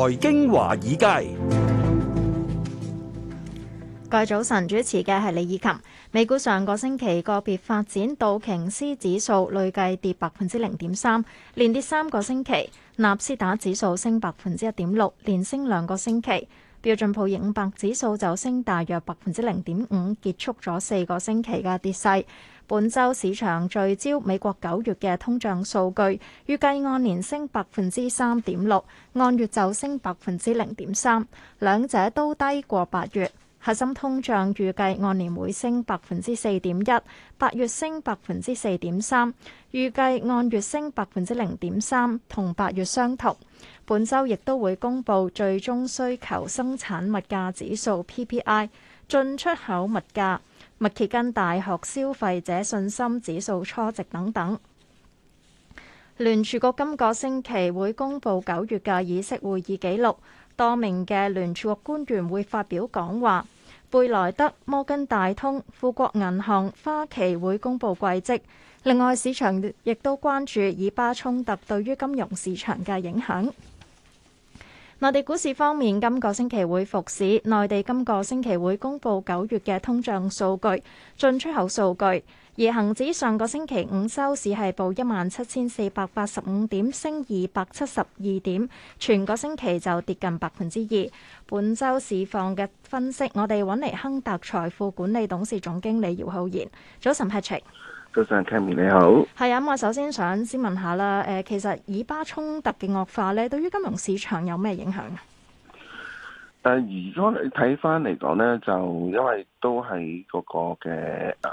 財經華爾街，今早晨主持嘅係李以琴。美股上個星期個別發展，道瓊斯指數累計跌百分之零點三，連跌三個星期；納斯達指數升百分之一點六，連升兩個星期。標準普爾五百指數就升大約百分之零點五，結束咗四個星期嘅跌勢。本週市場聚焦美國九月嘅通脹數據，預計按年升百分之三點六，按月就升百分之零點三，兩者都低過八月。核心通脹預計按年會升百分之四點一，八月升百分之四點三，預計按月升百分之零點三，同八月相同。本周亦都會公布最終需求生產物價指數 PPI、進出口物價、密歇根大學消費者信心指數初值等等。聯儲局今個星期會公布九月嘅議息會議紀錄。多名嘅聯儲局官員會發表講話，貝萊德、摩根大通、富國銀行、花旗會公布季績。另外，市場亦都關注以巴衝突對於金融市場嘅影響。內地股市方面，今個星期會復市。內地今個星期會公布九月嘅通脹數據、進出口數據。而恒指上個星期五收市係報一萬七千四百八十五點，升二百七十二點，全個星期就跌近百分之二。本周市況嘅分析，我哋搵嚟，亨達財富管理董事總經理姚浩然。早晨，Patrick。早上，Kami 你好。係咁、嗯，我首先想先問下啦。誒、呃，其實以巴衝突嘅惡化咧，對於金融市場有咩影響？誒、呃，如果你睇翻嚟講咧，就因為都係嗰個嘅誒、呃，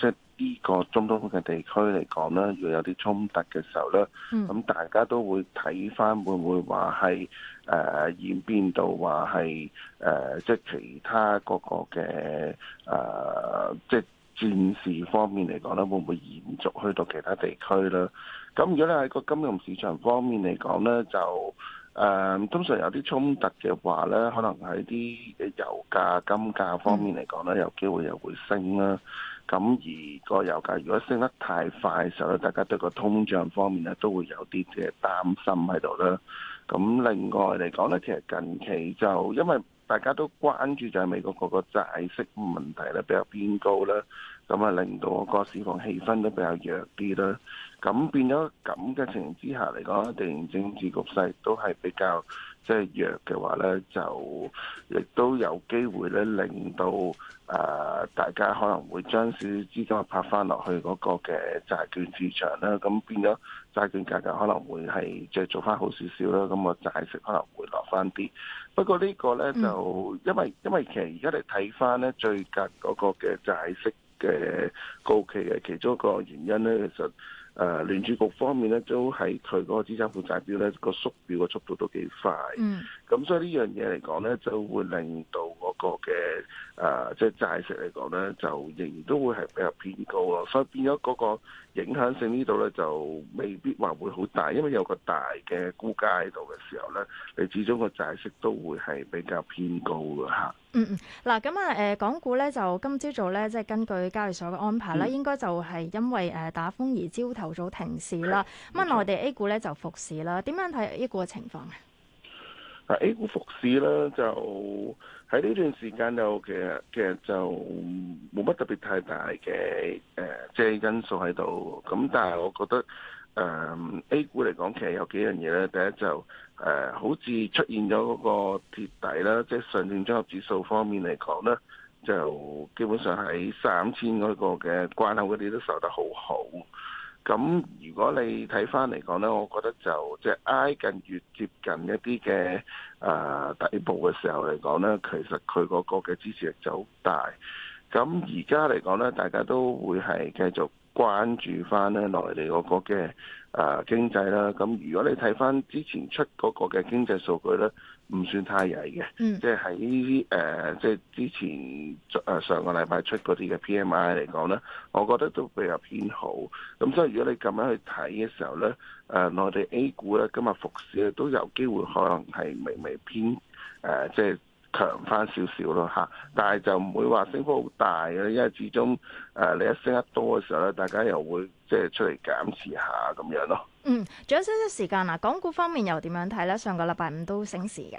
即係呢個中東嘅地區嚟講咧，要有啲衝突嘅時候咧，咁、嗯嗯嗯、大家都會睇翻會唔會話係誒演變到話係誒，即係其他嗰個嘅誒、呃，即係。戰事方面嚟講咧，會唔會延續去到其他地區咧？咁如果你喺個金融市場方面嚟講咧，就誒、呃、通常有啲衝突嘅話咧，可能喺啲油價、金價方面嚟講咧，有機會又會升啦、啊。咁而個油價如果升得太快嘅時候咧，大家對個通脹方面咧都會有啲嘅擔心喺度啦。咁另外嚟講咧，其實近期就因為大家都關注就係美國嗰個債息問題咧比較偏高啦，咁啊令到個市況氣氛都比較弱啲啦，咁變咗咁嘅情形之下嚟講，地緣政治局勢都係比較。即係弱嘅話咧，就亦都有機會咧，令到誒、呃、大家可能會將少少資金啊拍翻落去嗰個嘅債券市場啦。咁變咗債券價格可能會係即係做翻好少少啦。咁個債息可能會落翻啲。不過個呢個咧就因為因為其實而家你睇翻咧最近嗰個嘅債息嘅高企嘅其中一個原因咧，其實。誒、啊、聯儲局方面咧，都喺佢嗰個資產負債表咧，個縮表嘅速度都幾快，嗯，咁所以樣呢樣嘢嚟講咧，就會令到。個嘅誒，即係債息嚟講咧，就仍然都會係比較偏高咯，所以變咗嗰個影響性呢度咧，就未必話會好大，因為有個大嘅估價喺度嘅時候咧，你始終個債息都會係比較偏高嘅嚇。嗯嗯，嗱，咁啊誒，港股咧就今朝早咧，即係根據交易所嘅安排咧，嗯、應該就係因為誒打風而朝頭早停市啦。咁啊是，內地 A 股咧就復市啦。點樣睇 A 股嘅情況？A 股復市咧，就喺呢段時間就其實其實就冇乜特別太大嘅誒正因素喺度，咁但係我覺得誒、呃、A 股嚟講，其實有幾樣嘢咧，第一就誒、呃、好似出現咗嗰個鐵底啦，即係上證綜合指數方面嚟講咧，就基本上喺三千嗰個嘅關口嗰啲都守得好好。咁如果你睇翻嚟講咧，我覺得就即係挨近越接近一啲嘅啊底部嘅時候嚟講咧，其實佢嗰個嘅支持力就好大。咁而家嚟講咧，大家都會係繼續關注翻咧內地嗰個嘅啊經濟啦，咁如果你睇翻之前出嗰個嘅經濟數據咧，唔算太曳嘅，即係喺啲即係之前誒上個禮拜出嗰啲嘅 PMI 嚟講咧，我覺得都比較偏好。咁所以如果你咁樣去睇嘅時候咧，誒、呃、內地 A 股咧今日復市咧都有機會可能係微微偏誒，即、呃、係。就是強翻少少咯吓，但係就唔會話升幅好大嘅，因為始終誒、呃、你一升得多嘅時候咧，大家又會即係、就是、出嚟減持下咁樣咯。嗯，仲有少少時間啊，港股方面又點樣睇咧？上個禮拜五都升市嘅。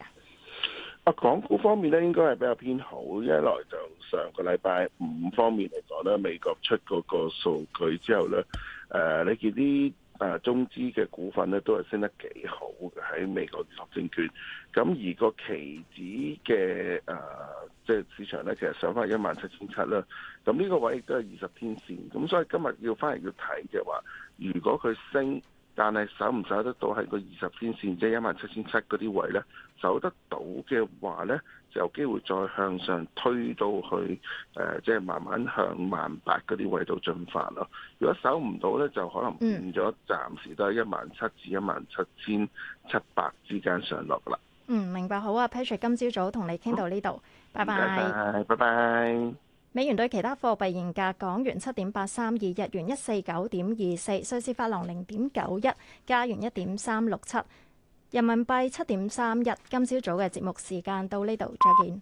啊，港股方面咧，應該係比較偏好，一來就上個禮拜五方面嚟講咧，美國出嗰個數據之後咧，誒、呃，你見啲。誒，中資嘅股份咧，都係升得幾好，喺美國二十證券。咁而個期指嘅誒，即、呃、係、就是、市場咧，其實上翻一萬七千七啦。咁呢個位亦都係二十天線。咁所以今日要翻嚟要睇嘅話，如果佢升。但係守唔守得到喺個二十天線，即係一萬七千七嗰啲位呢？守得到嘅話呢，就有機會再向上推到去誒，即係慢慢向萬八嗰啲位度進發咯。如果守唔到呢，就可能變咗暫時都係一萬七至一萬七千七百之間上落噶啦。嗯，明白。好啊。Patrick，今朝早同你傾到呢度，嗯、拜拜，拜拜。拜拜。美元兌其他貨幣現價：港元七點八三二，日元一四九點二四，瑞士法郎零點九一，加元一點三六七，人民幣七點三一。今朝早嘅節目時間到呢度，再見。